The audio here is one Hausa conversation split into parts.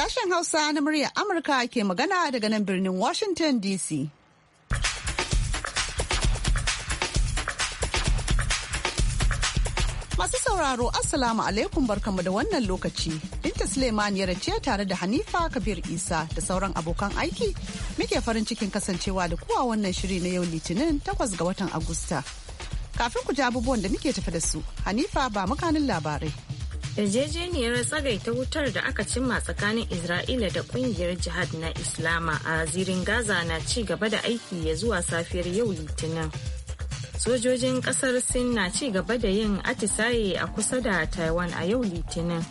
Sashen Hausa na muryar Amurka ke magana daga nan birnin Washington DC. Masu sauraro Assalamu alaikum barkamu da wannan lokaci. Binta Suleiman ya ce tare da Hanifa Kabir Isa da sauran abokan aiki muke farin cikin kasancewa da kuwa wannan shiri na yau Litinin 8 ga watan Agusta. Kafin ku ji abubuwan da muke tafi da su, Hanifa ba makanin labarai. yarjejeniyar tsagai ta wutar da aka cimma tsakanin isra'ila da kungiyar jihad na islama a zirin gaza na ci gaba da aiki ya zuwa safiyar yau litinin sojojin kasar sin na ci gaba da yin atisaye a kusa da taiwan a yau litinin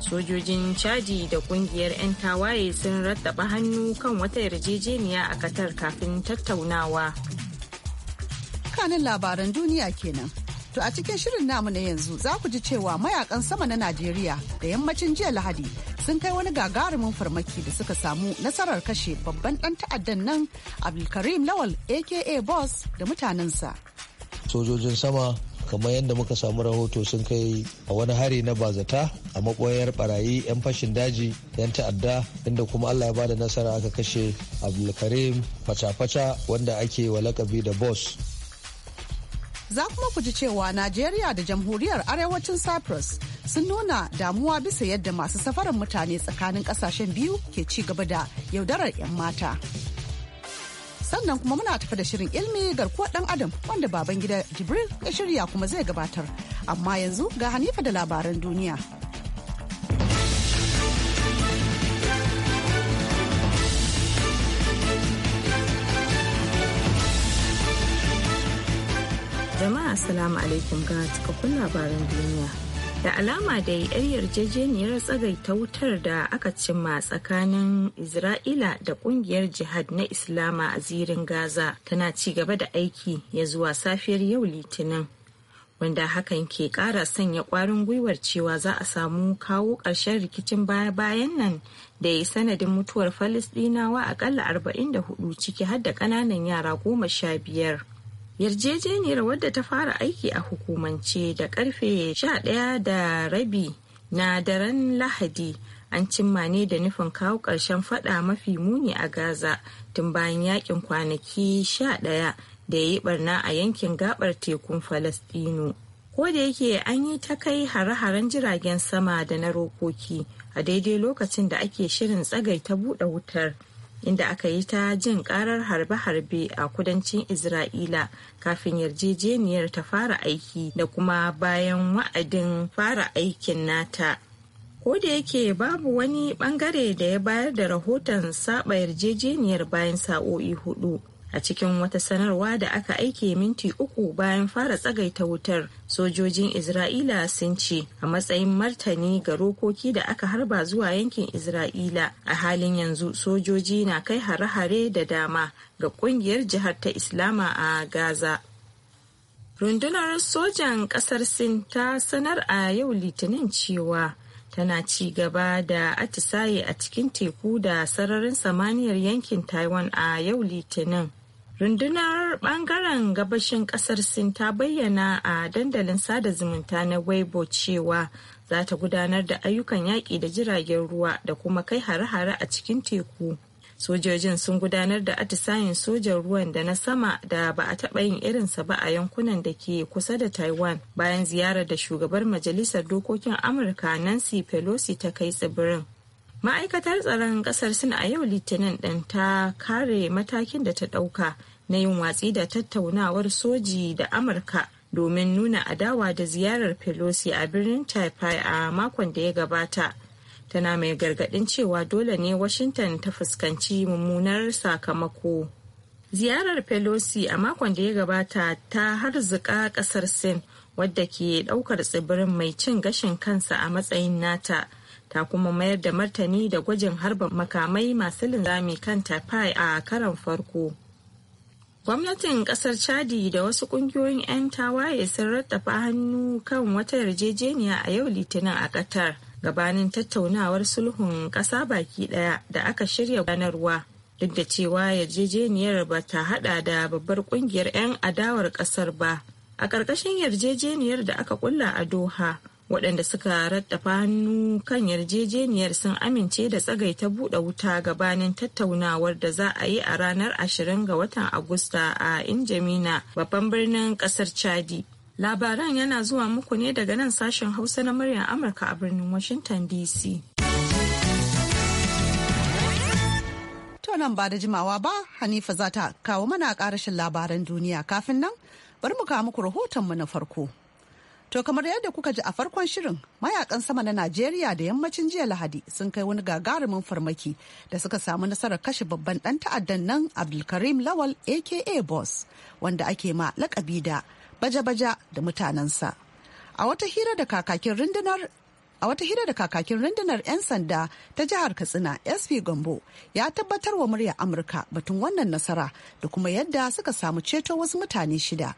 sojojin chadi da kungiyar 'yan tawaye sun rattaba hannu kan wata yarjejeniya a katar kafin tattaunawa kanin labaran duniya kenan To a cikin shirin namu na yanzu za ku ji cewa mayakan sama na Najeriya da yammacin jiya Lahadi sun kai wani gagarumin farmaki da suka samu nasarar kashe babban dan ta'addan nan Abdulkarim Lawal aka Boss da mutanensa. Sojojin sama kamar yadda muka samu rahoto sun kai a wani hari na bazata a makoyar barayi 'yan fashin daji 'yan ta'adda inda kuma Allah ya bada nasara aka kashe Abdulkarim faca-faca wanda ake wa lakabi da Boss. Za kuma ku ji cewa Najeriya da Jamhuriyar Arewacin Cyprus sun nuna damuwa bisa yadda masu safarin mutane tsakanin kasashen biyu ke ci gaba da yaudarar 'yan mata. Sannan kuma muna tafi da shirin ilmi garkuwar ɗan adam wanda baban gida Jibril ya shirya kuma zai gabatar. Amma yanzu ga Hanifa da labaran duniya. Jama'a Assalamu alaikum ga cikakkun labaran duniya. Da alama da yar yarjejeniyar tsagai ta wutar da aka cimma tsakanin Isra'ila da kungiyar jihad na Islama a zirin Gaza tana ci gaba da aiki ya zuwa safiyar yau Litinin. Wanda hakan ke kara sanya kwarin gwiwar cewa za a samu kawo ƙarshen rikicin baya-bayan nan da ya sanadin mutuwar Falasɗinawa aƙalla 44 ciki har da ƙananan yara goma sha biyar. yarjejeniyar wadda ta fara aiki a hukumance da karfe 11 da rabi na daren lahadi an cimma ne da nufin kawo ƙarshen fada mafi muni a gaza tun bayan yakin kwanaki 11 da ya yi barna a yankin gabar tekun falastinu ko da yake an yi ta kai hare-haren jiragen sama da na rokoki a daidai lokacin da ake shirin tsagaita buɗe wutar inda aka yi ta jin karar harbe-harbe a kudancin isra'ila kafin yarjejeniyar ta fara aiki da kuma bayan wa'adin fara aikin nata ko da yake babu wani bangare da ya bayar da rahoton saba yarjejeniyar bayan sa'o'i hudu a cikin wata sanarwa da aka aike minti uku bayan fara tsagaita wutar sojojin isra'ila sun ce a matsayin martani ga rokoki da aka harba zuwa yankin isra'ila a halin yanzu sojoji na kai hare-hare da dama ga kungiyar jihar ta islama a gaza rundunar sojan kasar sin ta sanar a yau litinin cewa tana ci gaba da atisaye a cikin teku da sararin samaniyar yankin taiwan a yau litinin rundunar bangaren gabashin ƙasar sin ta bayyana a dandalin sada zumunta na weibo cewa za ta gudanar da ayyukan yaƙi da jiragen ruwa da kuma kai hare-hare a cikin teku sojojin sun gudanar da atisayin sojan ruwan da na sama da ba a taɓa yin irinsa ba a yankunan da ke kusa da taiwan bayan ziyarar da shugabar majalisar dokokin amurka nancy pelosi ta kai tsibirin ma'aikatar tsaron kasar sin a yau litinin ɗin ta kare matakin da ta ɗauka na yin watsi da tattaunawar soji da amurka domin nuna adawa da ziyarar pelosi a birnin taipei a makon da ya gabata tana mai gargaɗin cewa dole ne washington ta fuskanci mummunar sakamako ziyarar pelosi a makon da ya gabata ta harzuka kasar sin wadda ke ɗaukar tsibirin mai cin gashin kansa a matsayin nata ta kuma mayar da martani da gwajin harba makamai masu linzami kan tafai a karan farko gwamnatin kasar chadi da wasu kungiyoyin 'yan tawaye sun rattafa hannu kan wata yarjejeniya a yau litinin a qatar gabanin tattaunawar sulhun kasa baki daya da aka shirya ganarwa duk da cewa yarjejeniyar ba ta hada da babbar kungiyar 'yan adawar kasar ba a ƙarƙashin yarjejeniyar da aka kulla a doha waɗanda suka rattafa hannu kan yarjejeniyar sun amince da tsagaita buɗe wuta gabanin tattaunawar da za a yi a ranar 20 ga watan agusta a injamina babban birnin ƙasar chadi labaran yana zuwa muku ne daga nan sashen hausa na muryar amurka a birnin washington dc nan ba da jimawa ba hanifa za ta kawo mana ƙarashin labaran duniya kafin nan bari mu kawo muku rahotonmu na farko To kamar yadda kuka ji a farkon shirin mayakan sama na Najeriya da yammacin jiya Lahadi sun kai wani gagarumin farmaki da suka samu nasarar kashe babban dan ta'addan nan Abdulkarim Lawal aka Boss wanda ake ma lakabi da baja-baja da mutanensa. A wata hira da kakakin rundunar a 'yan sanda ta jihar katsina sp gombo ya tabbatar wa murya amurka batun wannan nasara da kuma yadda suka samu ceto wasu mutane shida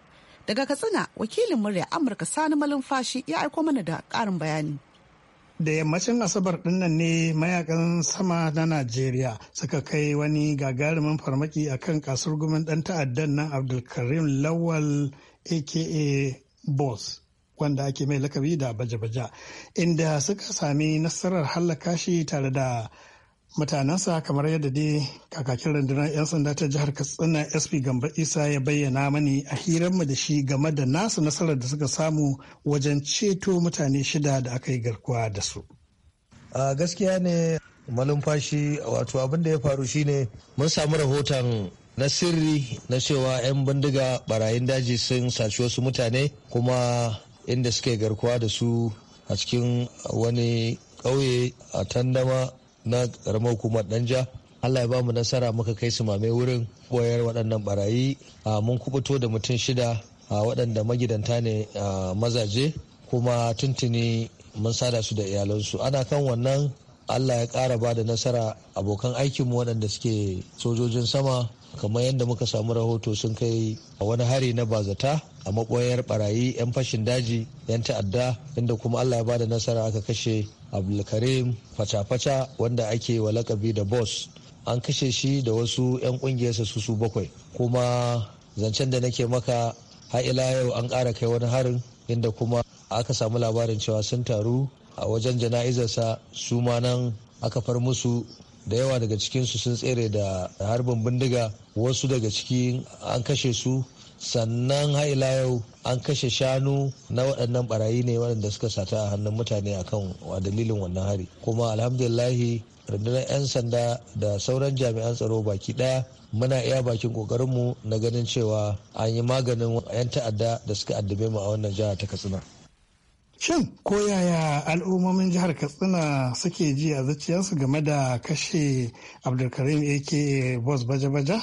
Daga Katsina, wakilin murya Amurka Sani Malumfashi ya aiko mana da ƙarin bayani. da yammacin asabar dinnan ne mayakan sama na najeriya suka kai wani gagarumin farmaki a kan kasurgumin ɗan ta'addan nan abdulkarim lawal aka boss wanda ake mai lakabi da baje-baje inda suka sami nasarar hallaka shi tare da mutanensa kamar yadda dai kakakin rundunar 'yan sanda ta jihar katsina sp gamba isa ya bayyana mani a hiranmu da shi game da nasu nasarar da suka samu wajen ceto mutane shida da aka yi garkuwa da su a gaskiya ne malumfashi wato abin da ya faru shine mun samu rahoton na sirri na cewa 'yan bindiga barayin daji sun saci wasu mutane kuma inda suke garkuwa da su a cikin wani ƙauye a tandama na karamar hukumar danja allah ya bamu nasara muka kai su mame wurin koyar waɗannan barayi mun kubuto da mutum shida waɗanda magidanta ne mazaje kuma tuntuni mun sada su da iyalansu ana kan wannan allah ya kara ba da nasara abokan aikinmu waɗanda suke sojojin sama kamar yadda muka samu rahoto sun kai a wani hari na bazata a maɓoyar barayi 'yan fashin daji 'yan ta'adda inda kuma allah ya ba da nasara aka kashe abdulkarim faca-faca wanda ake wa lakabi da boss an kashe shi da wasu 'yan kungiyarsa su su bakwai kuma zancen da nake maka ila yau an ƙara kai wani harin inda kuma aka samu labarin cewa sun taru a wajen jana'izarsa su ma nan aka far musu da yawa daga cikinsu sun tsere da harbin bindiga wasu daga ciki an kashe su sannan hailayau yau an kashe shanu na waɗannan barayi ne waɗanda suka sata a hannun mutane akan a dalilin wannan hari kuma alhamdulillahi rundunar 'yan sanda da sauran jami'an tsaro baki ɗaya muna iya bakin ƙoƙarinmu na ganin cewa an yi maganin 'yan ta'adda da suka addabe mu a wannan jiha ta katsina Shin ko yaya al'ummomin jihar Katsina suke ji a zuciyarsu game da kashe Abdulkarim aka Bos Baja-Baja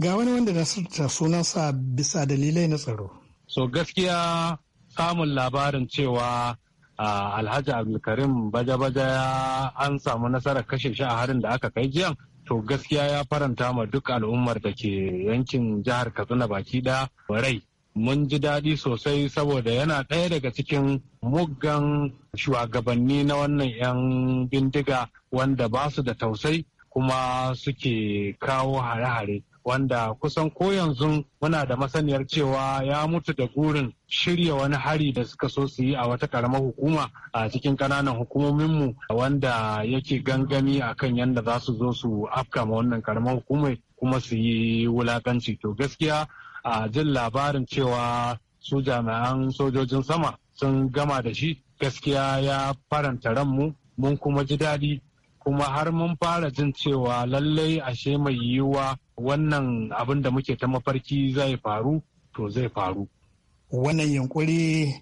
ga wani wanda na surta sunansa bisa dalilai na tsaro so gaskiya samun labarin cewa alhaji abdulkarim baja-baja an samu nasarar kashe shi a harin da aka kai jiyan to gaskiya ya faranta ma duk al'ummar da ke yankin jihar katsina baki ɗaya. rai mun ji daɗi sosai saboda yana ɗaya daga cikin muggan shugabanni na wannan 'yan bindiga wanda ba su da tausai kuma suke kawo hare-hare wanda kusan ko yanzu muna da masaniyar cewa ya mutu da gurin shirya wani hari da suka so su yi a wata karamar hukuma a cikin kananan hukumominmu wanda yake gangami akan yadda za su zo su afkama wannan karamar hukumai kuma su yi wulakanci to gaskiya a jin labarin cewa su jami'an sojojin sama sun gama da shi gaskiya ya faranta ranmu mun kuma ji daɗi kuma har mun fara jin cewa lallai ashe mai yiwuwa wannan abin da muke ta mafarki zai faru to zai faru. Wannan yunkuri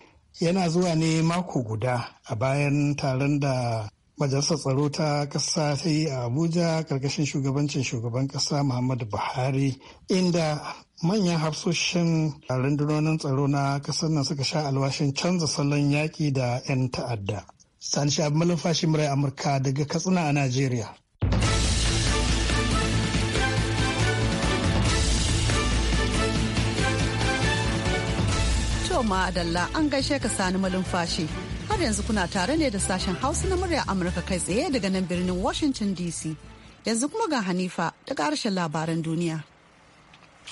yana zuwa ne mako guda a bayan taron da Majalisar Tsaro ta ƙasa ta yi a Abuja ƙarƙashin shugabancin shugaban ƙasa Muhammadu Buhari inda manyan hafsoshin rundunonin tsaro na ƙasar nan suka sha alwashin canza salon yaƙi da 'yan ta'adda. Sani Shabi Malafashi Murai Amurka daga Katsina a Najeriya. Toma Adalla an gaishe ka Sani Malumfashi. Har yanzu kuna tare ne da sashen Hausa na murya Amurka kai tsaye daga nan birnin Washington DC. Yanzu kuma ga Hanifa daga harshen labaran duniya.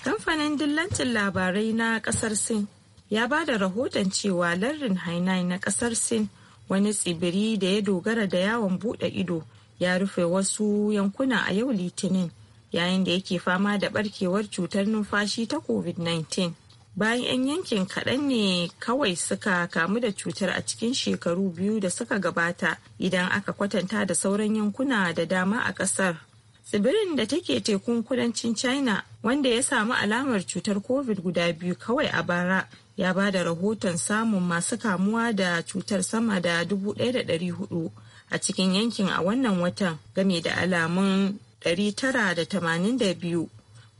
Kamfanin dillancin labarai na kasar Sin ya ba da rahoton cewa larin Hainai na kasar Sin wani tsibiri da ya dogara da yawon bude ido ya rufe wasu yankuna a yau litinin yayin da yake fama da barkewar cutar numfashi ta covid-19 bayan 'yan yankin kaɗan ne kawai suka kamu da cutar a cikin shekaru biyu da suka gabata idan aka kwatanta da sauran yankuna da dama a ƙasar tsibirin da take tekun kudancin china wanda ya samu alamar cutar covid guda biyu kawai a bara ya ba da rahoton samun masu kamuwa da cutar sama da 1,400 a cikin yankin a wannan watan game da alamun 982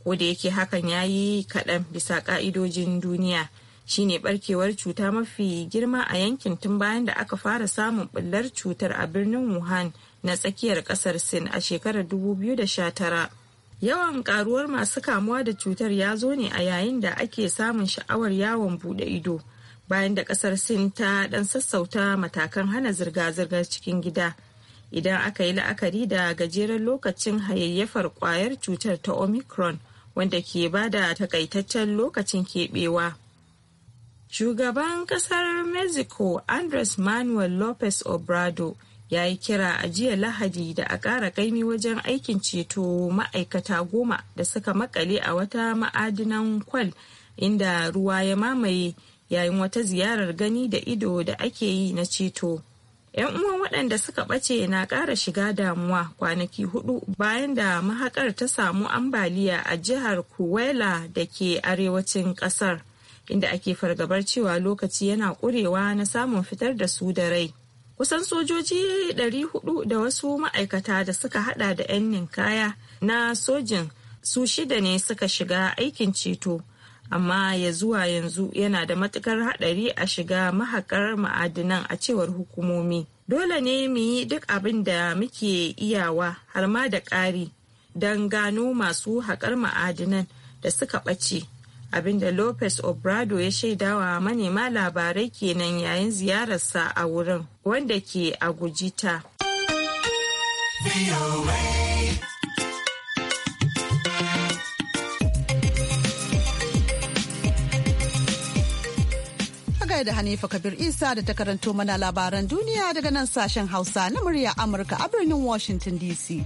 ko da yake hakan ya yi kaɗan bisa ƙa'idojin duniya shine barkewar cuta mafi girma a yankin tun bayan da aka fara samun ɓullar cutar a birnin wuhan na tsakiyar ƙasar sin a shekarar 2019 Yawan karuwar masu kamuwa da cutar ya zo ne a yayin da ake samun sha'awar yawon bude ido bayan da kasar Sin ta dan sassauta matakan hana zirga-zirgar cikin gida. Idan aka yi la'akari da gajeren lokacin hayayyafar kwayar cutar ta Omicron wanda ke ba da takaitaccen lokacin keɓewa. Shugaban kasar Mexico Andres Manuel Lopez obrado. ya yi kira a jiya lahadi da a ƙara ƙaimi wajen aikin ceto ma'aikata goma da suka makale a wata ma'adinan kwal inda ruwa ya mamaye yayin wata ziyarar gani da ido da ake yi na ceto. 'yan uwan waɗanda suka ɓace na ƙara shiga damuwa kwanaki hudu bayan da mahaƙar ta samu ambaliya a jihar kuwela da ke arewacin ƙasar inda ake fargabar cewa lokaci yana ƙurewa na samun fitar da su da rai kusan sojoji 400 da wasu ma'aikata da suka hada da 'yan ninkaya na sojin su shida ne suka shiga aikin ceto amma ya zuwa yanzu yana da matukar hadari a shiga mahakar ma'adinan a cewar hukumomi dole ne mu yi duk abin da muke iyawa har ma da ƙari don gano masu haƙar ma'adinan da suka ɓace abinda lopez obrado ya shaidawa manema labarai kenan yayin ziyararsa a wurin wanda ke a gujita da Hanifa Kabir Isa da ta karanto mana labaran duniya daga nan sashen Hausa na murya Amurka a birnin Washington DC.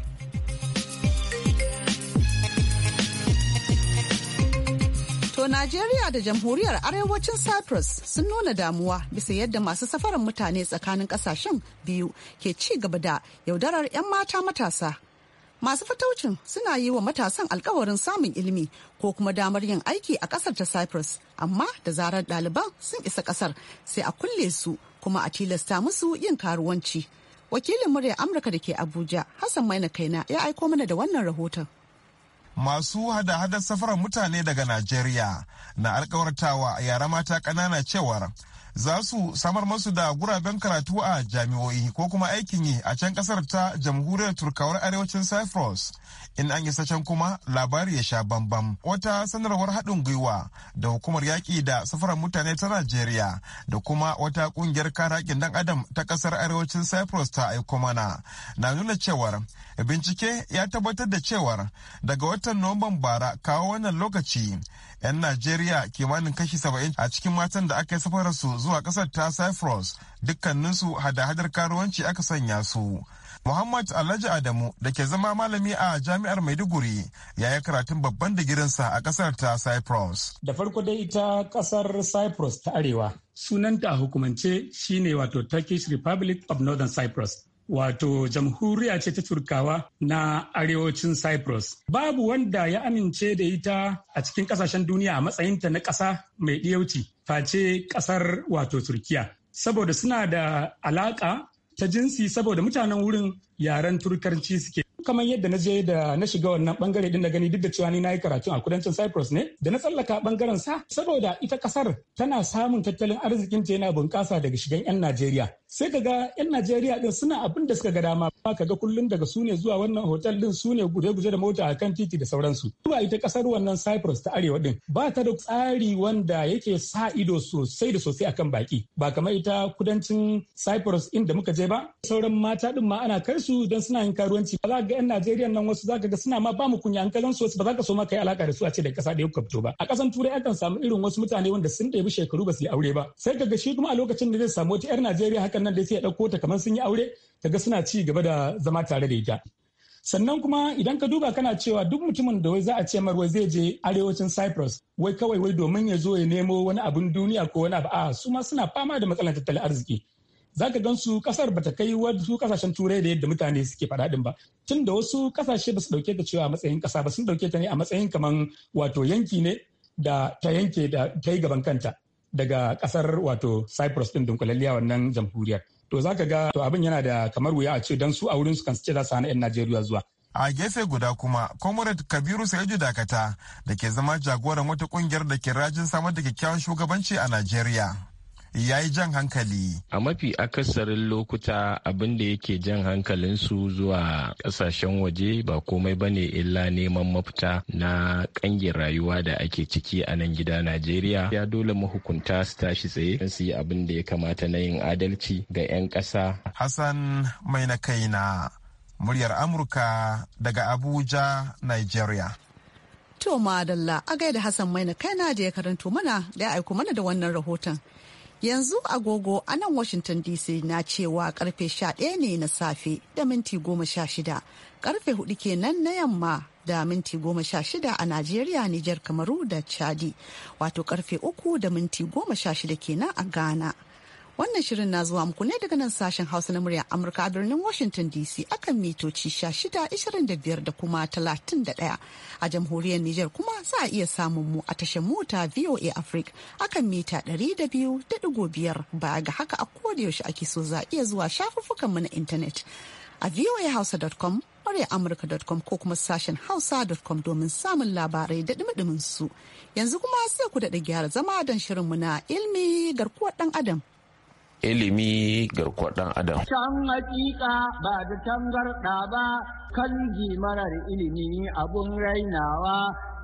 Najeriya da Jamhuriyar Arewacin Cyprus sun nuna damuwa bisa yadda masu safarin mutane tsakanin kasashen biyu ke ci gaba da yaudarar 'yan mata matasa. Masu fataucin suna yi wa matasan alkawarin samun ilimi ko kuma damar yin aiki a kasar ta Cyprus, amma da zarar ɗaliban sun isa kasar sai a kulle su kuma a tilasta musu yin karuwanci. Wakilin murya Amurka da ke Abuja, Hassan Maina Kaina ya aiko mana da wannan rahoton. masu hada-hadar safarar mutane daga Najeriya na alkawartawa yara mata ƙanana cewar za su samar masu da guraben karatu a jami'o'i ko kuma aikin yi a can kasar ta jamhuriyar turkawar arewacin cyprus in an isa can kuma labari ya sha bambam wata sanarwar haɗin gwiwa da hukumar yaƙi da safarar mutane ta najeriya da kuma wata ƙungiyar kare haƙƙin ɗan adam ta ƙasar arewacin cyprus ta aiko mana na nuna cewar bincike ya tabbatar da cewar daga watan nuwamban bara kawo wannan lokaci 'yan najeriya kimanin kashi saba'in a cikin matan da aka yi safararsu zuwa kasar ta cyprus dukkaninsu hada-hadar karuwanci aka sanya su muhammad alhaji adamu da ke zama malami a jami'ar maiduguri ya yi karatun babban digirinsa a kasar ta cyprus da farko dai ita kasar cyprus ta arewa sunanta a hukumance shine wato turkish republic of northern cyprus wato jamhuriya ce ta turkawa na arewacin cyprus babu wanda ya amince da ita a cikin kasashen duniya a matsayinta na ƙasa mai ɗiyauci face ƙasar wato turkiya saboda suna da alaƙa ta jinsi saboda mutanen wurin yaren turkarci suke kamar yadda na je da na shiga wannan bangare din na gani duk da cewa ni na yi karatu a kudancin Cyprus ne da na tsallaka bangaren sa saboda ita kasar tana samun tattalin arzikin ta yana bunƙasa daga shigan 'yan Najeriya sai ka ga 'yan Najeriya din suna abin da suka ga dama ba ka ga kullum daga su ne zuwa wannan hotel din su ne guje-guje da mota a kan titi da sauransu. Zuwa ita kasar wannan Cyprus ta arewa din ba ta da tsari wanda yake sa ido sosai da sosai akan baki ba kamar ita kudancin Cyprus inda muka je ba sauran mata din ma ana kai su don suna yin karuwanci ba za ga 'yan Najeriya nan wasu za ka ga suna ma ba mu kunya an kalan su wasu ba za ka so ma kai alaka da su a ce da kasa da yau kafto ba a kasan turai akan samu irin wasu mutane wanda sun ɗebi shekaru ba su yi aure ba sai ka ga shi kuma a lokacin da zai samu wata 'yar Najeriya haka nan da sai ya ɗauko ta kamar sun yi aure ga suna ci gaba da zama tare da ita sannan kuma idan ka duba kana cewa duk mutumin da wai za a ce mar wai zai je arewacin cyprus wai kawai wai domin ya zo ya nemo wani abin duniya ko wani abu a su ma suna fama da matsalar tattalin arziki za ka gan su kasar bata kai wasu kasashen turai da yadda mutane suke faɗaɗin ba tun da wasu kasashe ba su ɗauke ta cewa a matsayin ƙasa ba sun ɗauke ta ne a matsayin kamar wato yanki ne da ta yanke da ta yi gaban kanta daga kasar wato cyprus din dunkulalliya wannan jamhuriyar to za ka ga to abin yana da kamar wuya a ce don su a wurin su kan ce za su hana 'yan najeriya zuwa a gefe guda kuma comrade kabiru sayaji dakata da ke zama jagoran wata kungiyar da ke rajin samar da kyakkyawan shugabanci a najeriya ya yi jan hankali. A mafi akasarin lokuta abin da yake jan hankalin su zuwa kasashen waje ba komai ba ne illa neman mafita na kangin rayuwa da ake ciki a nan gida Najeriya. Ya dole mahukunta su tashi tsaye don su yi abin da ya kamata na yin adalci ga 'yan ƙasa. Hassan mai na kaina muryar Amurka daga Abuja, Nigeria. To madalla a gaida Hassan mai na kaina da ya karanto mana da ya aiko mana da wannan rahoton. Yanzu agogo a nan Washington DC na cewa karfe 11 ne na safe da minti goma sha shida, karfe 4 kenan na yamma da minti goma sha shida a Najeriya, Nijar, Kamaru da Chadi, wato karfe uku da minti goma sha 16 kenan a Ghana. Wannan shirin na zuwa muku ne daga nan sashen Hausa na murya Amurka a birnin Washington DC akan mitoci 1625 da kuma 31 a jamhuriyar Nijar kuma za a iya samun mu a tashar mota VOA Africa akan mita 200.5 baya ga haka a yaushe ake so za a iya zuwa mu na intanet a voahausa.com amurka.com ko kuma sashen hausa.com domin samun labarai da ɗumɗuminsu su yanzu kuma sai ku daɗa gyara zama don shirinmu na ilmi garkuwar ɗan adam ilimi garkuwar dan adam. Can hakika ba da tangarɗa ba kan marar ilimi abun rainawa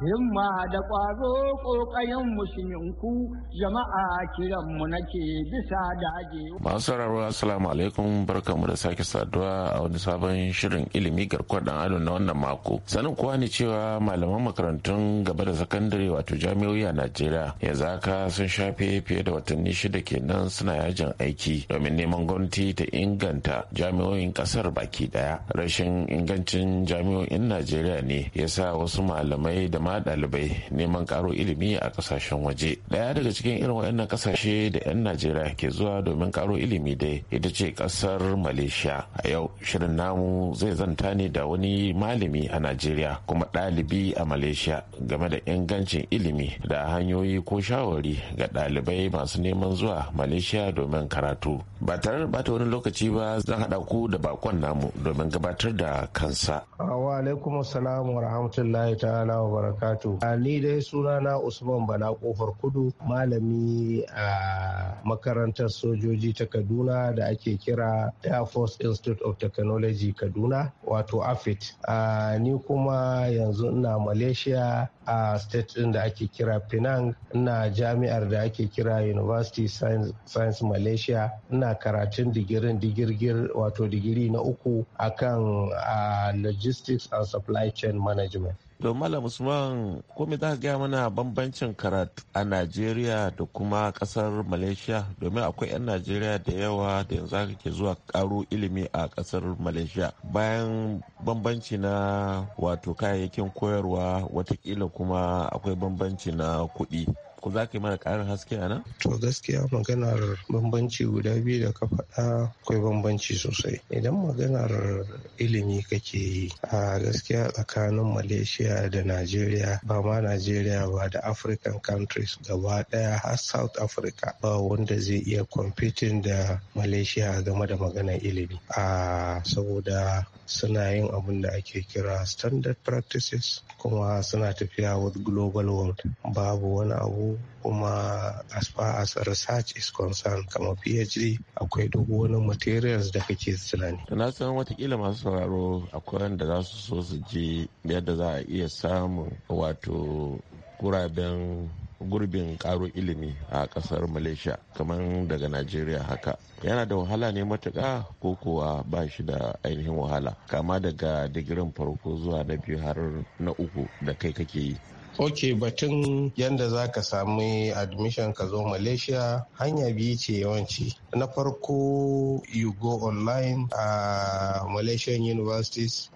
himma da ƙwazo ƙoƙayen musulminku jama'a kiran mu nake bisa dage. Masu sauraro assalamu alaikum barkamu da sake saduwa a wani sabon shirin ilimi garkuwar dan adam na wannan mako. Sanin kuwa ne cewa malaman makarantun gaba da sakandare wato jami'o'i a Najeriya yanzu haka sun shafe fiye da watanni shida kenan suna yajin aiki domin neman gwamnati ta inganta jami'o'in ƙasar baki ɗaya. Rashin ingancin jami'o'in Najeriya ne ya sa wasu malamai da ma ɗalibai neman karo ilimi a ƙasashen waje ɗaya daga cikin irin waɗannan kasashe da 'yan najeriya ke zuwa domin karo ilimi dai ita ce ƙasar malaysia a yau shirin namu zai zanta ne da wani malami a najeriya kuma ɗalibi a malaysia game da ingancin ilimi da hanyoyi ko shawari ga ɗalibai masu neman zuwa malaysia domin karatu ba tare da bata wani lokaci ba zan haɗa ku da bakon namu domin gabatar da kansa wa alaikum wa rahmatullahi ta'ala wa wabarakatuh. Ni dai sunana Usman Bala Kofar Kudu malami a makarantar sojoji ta Kaduna da ake kira Air Force Institute of Technology Kaduna wato AFIT. Ni kuma yanzu ina Malaysia a state ɗin da ake kira Penang ina jami'ar da ake kira University Science Malaysia ina karatun digirin digirgir wato digiri na uku akan logistics and supply chain management. To malam usman kome za ka gaya mana bambancin karatu a najeriya da kuma kasar malaysia domin akwai 'yan najeriya da yawa da yanzu haka ke zuwa karo ilimi a kasar malaysia bayan bambanci na wato kayayyakin koyarwa watakila kuma akwai bambanci na kuɗi ku za ka yi mana ƙarin haske a nan? to gaskiya maganar bambanci guda biyu da ka faɗa akwai bambanci sosai idan maganar ilimi kake yi a gaskiya tsakanin malaysia da najeriya ba ma najeriya ba da african countries gaba ɗaya har south africa ba wanda zai iya competing da malaysia game da maganar ilimi a saboda suna yin abin da ake kira standard practices kuma suna tafiya with global world babu wani abu kuma as far as research is concerned kama phd akwai duk wani materials da kake tunani na san watakila masu sauraro akwai wanda za su so su ji yadda za a iya samun wato kuraben gurbin karo ilimi a kasar malaysia kamar daga najeriya haka yana da wahala ne matuka ko kuwa ba shi da ainihin wahala kama daga digirin farko zuwa na biyu har na uku da kai kake yi ok batun yadda za ka sami admission ka zo malaysia hanya biyu ce yawanci na farko you go online a uh, malaysian universities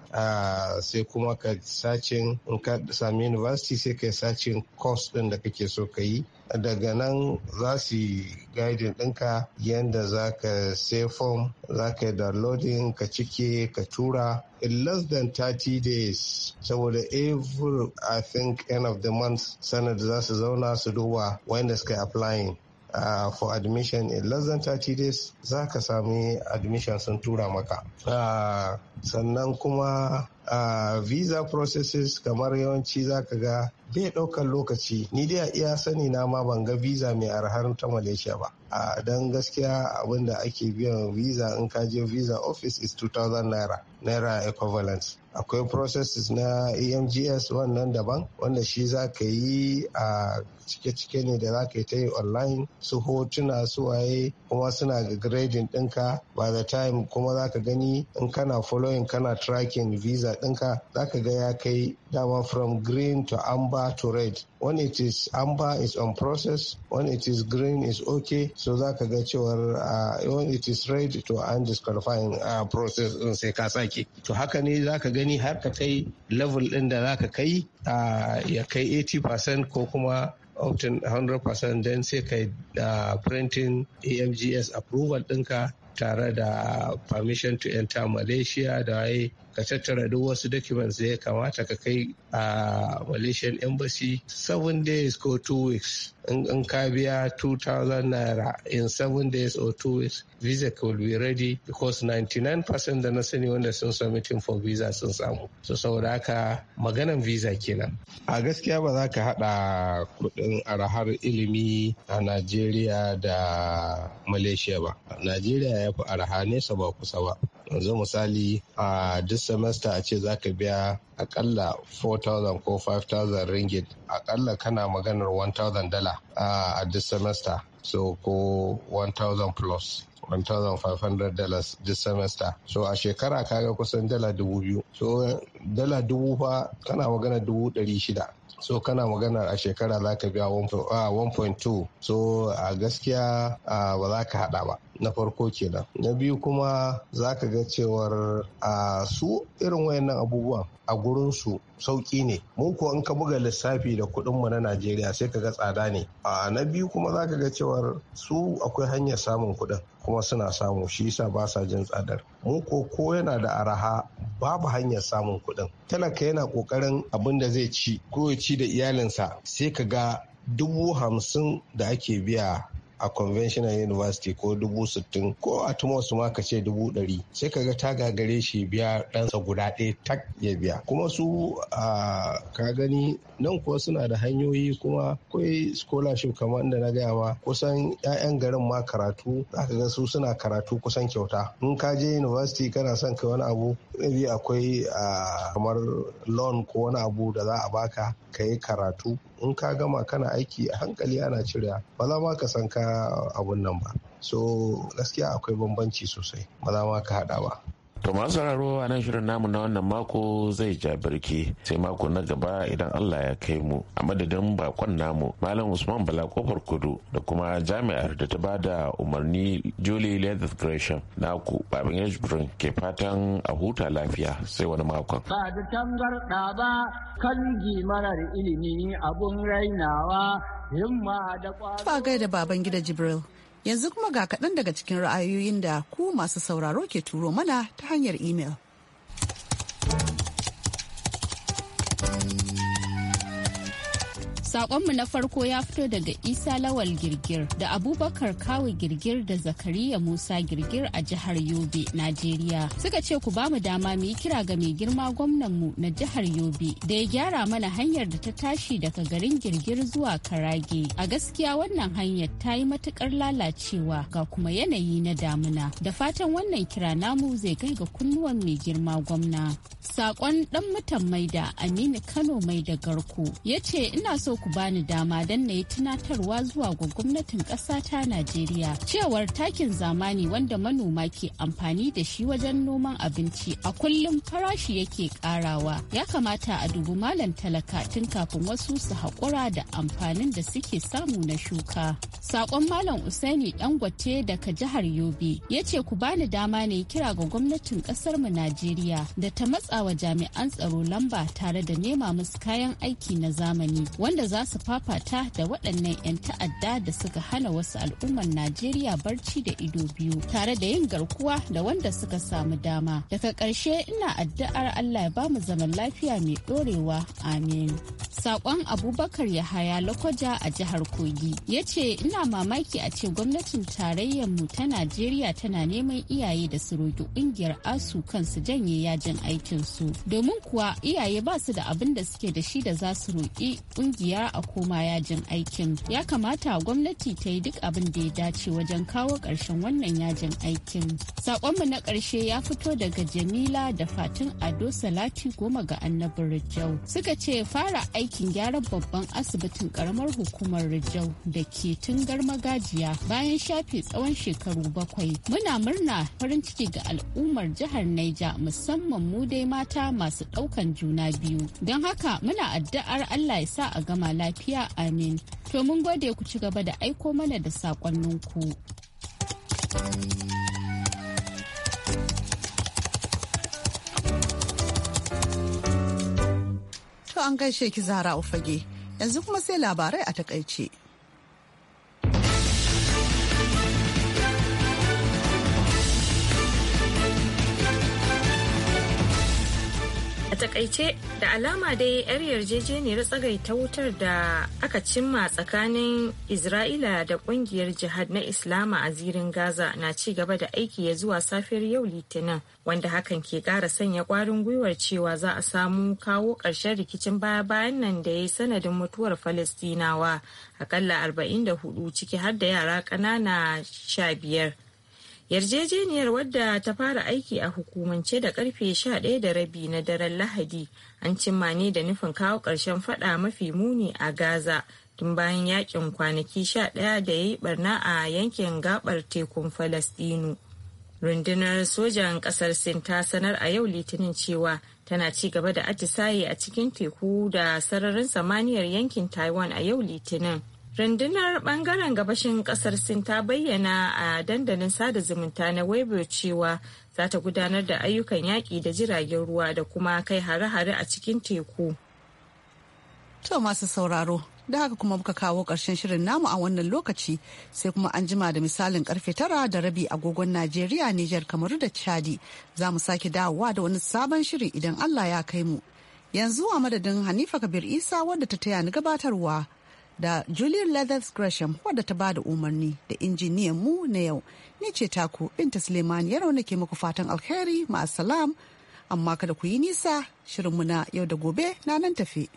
sai kuma ka sacin in ka sami university sai ka sacin course din da kake so ka yi daga nan za su yi guiding ɗinka yadda za ka sai form za ka yi downloading ka cike ka tura in less than 30 days saboda every i think end of the month sanar da za su zauna su duba wanda suka applying Uh, for admission in less than 30 days za ka sami admission sun tura maka uh, sannan kuma uh, visa processes kamar yawanci zaka ga bai ɗaukar lokaci ni dai a iya sani na ma ban ga visa mai arhar ta malaysia ba a don gaskiya abin da ake biyan visa in ka je visa office is 2000 naira naira equivalent akwai processes na emgs wannan daban wanda shi za ka yi a cike-cike ne da za ka yi ta yi online su hotuna su waye kuma suna ga grading ɗinka by the time kuma za ka gani in kana following kana tracking visa ɗinka zaka ga ya kai dama from green to amber to red when it is amber is on process when it is green is okay so zaka ga cewar uh, when it is red to an disqualifying uh, process in sai ka sake to haka ne zaka gani har ka kai level ɗin da za ka kai uh, ya kai 80% ko kuma obtain 100% then sai kai uh, printing amgs approval ɗinka tare da uh, permission to enter malaysia da waye ka tattara duk wasu documents da ya kamata ka kai a malaysian embassy seven days ko two weeks in ka biya 2000 naira in seven days or two weeks visa will be ready because 99% da na sani wanda sun submitting for visa sun samu so saboda haka maganan visa kenan a gaskiya ba za ka hada kudin arahar ilimi a najeriya da malaysia ba najeriya ya fi araha nesa ba kusa ba yanzu misali a duk semester a ce za ka biya akalla 4,000 ko 5,000 ringgit akalla kana maganar 1,000 dala a duk semester so ko 1,000 plus 1,500 dollars this semester so a shekara kaga kusan dala dubu biyu so dala dubu fa kana magana dubu ɗari shida so kana magana a shekara za ka biya 1.2 so a gaskiya ba za ka hada ba na farko kenan na biyu kuma za ka ga cewar a su irin wayannan abubuwan a gurinsu sauƙi ne mun ko in ka buga lissafi da kuɗinmu na najeriya sai ka ga tsada ne a na biyu kuma za ka ga cewar su akwai hanyar samun kuɗin kuma suna samu shi yasa ba sa jin tsadar mu ko ko yana da araha babu hanyar samun kuɗin talaka yana ƙoƙarin abin da zai ci ko ya ci da iyalinsa sai ka ga dubu hamsin da ake biya a conventional university ko dubu sittin ko a tumosu ma ka ce dubu ɗari sai ka ga ta gagare shi biya ɗansa guda ɗaya tak ya biya kuma su a ka gani nan kuwa suna da hanyoyi kuma akwai scholarship kamar da na gaya ma kusan 'ya'yan garin ma karatu za ka ga su suna karatu kusan kyauta in ka je university kana son kai wani abu maybe akwai kamar loan ko wani abu da za a baka ka yi karatu in ka gama kana aiki a hankali ana cirewa ba za ma ka san ka abun nan ba so gaskiya akwai bambanci sosai ba za ma ka hada ba To masu sauraro a nan shirin namu na wannan mako zai ja birki sai mako na gaba idan Allah ya kai mu a madadin bakon namu Malam Usman Bala kofar kudu da kuma jami'ar da ta ba da umarni Julie Leather Gresham na ku Babin Ashburn ke fatan a huta lafiya sai wani makon. Ba da tangarɗa ba kan marar ilimi abun rainawa himma da Ba gaida baban gida Jibril. Yanzu kuma ga kaɗan daga cikin ra'ayoyin da ku masu sauraro ke turo mana ta hanyar imel. Sakonmu na farko ya fito daga Isa Lawal Girgir da Abubakar Kawu Girgir da Zakariya Musa Girgir a jihar Yobe, Najeriya. Suka ce ku bamu dama mu yi kira ga mai girma gwamnanmu na jihar Yobe da ya gyara mana hanyar da ta tashi daga garin Girgir zuwa Karage. A gaskiya wannan hanyar ta yi matukar lalacewa ga kuma yanayi na damuna. Da fatan wannan kira namu zai kai ga kunnuwan mai girma gwamna. Sakon dan mutan Maida Aminu Kano Maida Garko ya ce ina so ku bani dama don na yi tunatarwa zuwa ga gwamnatin ƙasa ta Najeriya cewar takin zamani wanda manoma ke amfani da shi wajen noman abinci a kullum farashi yake ƙarawa. Ya kamata a dubi malam talaka tun kafin wasu su haƙura da amfanin da suke samu na shuka. Sakon malam Usaini Dangote daga jihar Yobe ya ce ku bani dama ne kira ga gwamnatin ƙasar mu Najeriya da ta matsawa jami'an tsaro lamba tare da nema musu kayan aiki na zamani wanda za su fafata da waɗannan 'yan ta'adda da suka hana wasu al'ummar Najeriya barci da ido biyu tare da yin garkuwa da wanda suka samu dama. Daga ƙarshe ina addu'ar Allah ya ba mu zaman lafiya mai ɗorewa. Amin. Sakon Abubakar Yahaya Lokoja a jihar Kogi ya ce ina mamaki a ce gwamnatin tarayyar mu ta Najeriya tana neman iyaye da su roƙi ƙungiyar ASU kansu janye yajin aikin su domin kuwa iyaye ba su da abin da suke da shi da za su roƙi ƙungiya a koma yajin aikin. Ya kamata gwamnati ta yi duk abin da ya dace wajen kawo ƙarshen wannan yajin aikin. Sakonmu na ƙarshe ya fito daga Jamila da Fatin Ado Salati goma ga annabin Rijau. Suka ce fara aiki aikin gyaran babban asibitin karamar hukumar Rijau da ke tungar magajiya bayan shafe tsawon shekaru bakwai. Muna murna farin ciki ga al'ummar jihar Naija musamman mu dai mata masu ɗaukan juna biyu. Don haka muna addu'ar Allah ya sa a gama lafiya amin. To mun gode ku ci gaba da aiko mana da saƙonninku. To an gaishe ki zara Ufage. Yanzu kuma sai labarai a takaice. takaice da alama dai yar yarjejeniyar tsagai ta wutar da aka cimma tsakanin Isra'ila da kungiyar jihad na Islama a zirin Gaza na ci gaba da aiki ya zuwa safiyar yau Litinin wanda hakan ke kara sanya kwarin gwiwar cewa za a samu kawo ƙarshen rikicin baya-bayan nan da ya yi sanadin mutuwar Falastinawa akalla 44 ciki har da yara ƙanana 15. yarjejeniyar wadda ta fara aiki a hukumance da karfe 11 da rabi na daren lahadi an cimma ne da nufin kawo ƙarshen fada mafi muni a gaza tun bayan yakin kwanaki 11 da ya yi barna a yankin gabar tekun falastinu rundunar sojan ƙasar sin ta sanar a yau litinin cewa tana ci gaba da atisaye a cikin teku da sararin samaniyar yankin taiwan a yau litinin rundunar bangaren gabashin kasar sin ta bayyana a dandalin sada zumunta na weibo cewa za ta gudanar da ayyukan yaƙi da jiragen ruwa da kuma kai hare-hare a cikin teku to masu sauraro da haka kuma muka kawo ƙarshen shirin namu a wannan lokaci sai kuma an jima da misalin karfe tara da rabi agogon najeriya nijar kamaru da chadi za mu sake dawowa da wani sabon shiri idan allah ya kai mu yanzu a madadin hanifa kabir isa wadda ta taya ni gabatarwa da julian Leathers Gresham wadda ta bada umarni da injiniyan mu na yau. Ni ce taku Binta Suleiman ya ke muku fatan alheri ma'asalam amma kada ku yi nisa shirinmu na yau da gobe na nan tafi.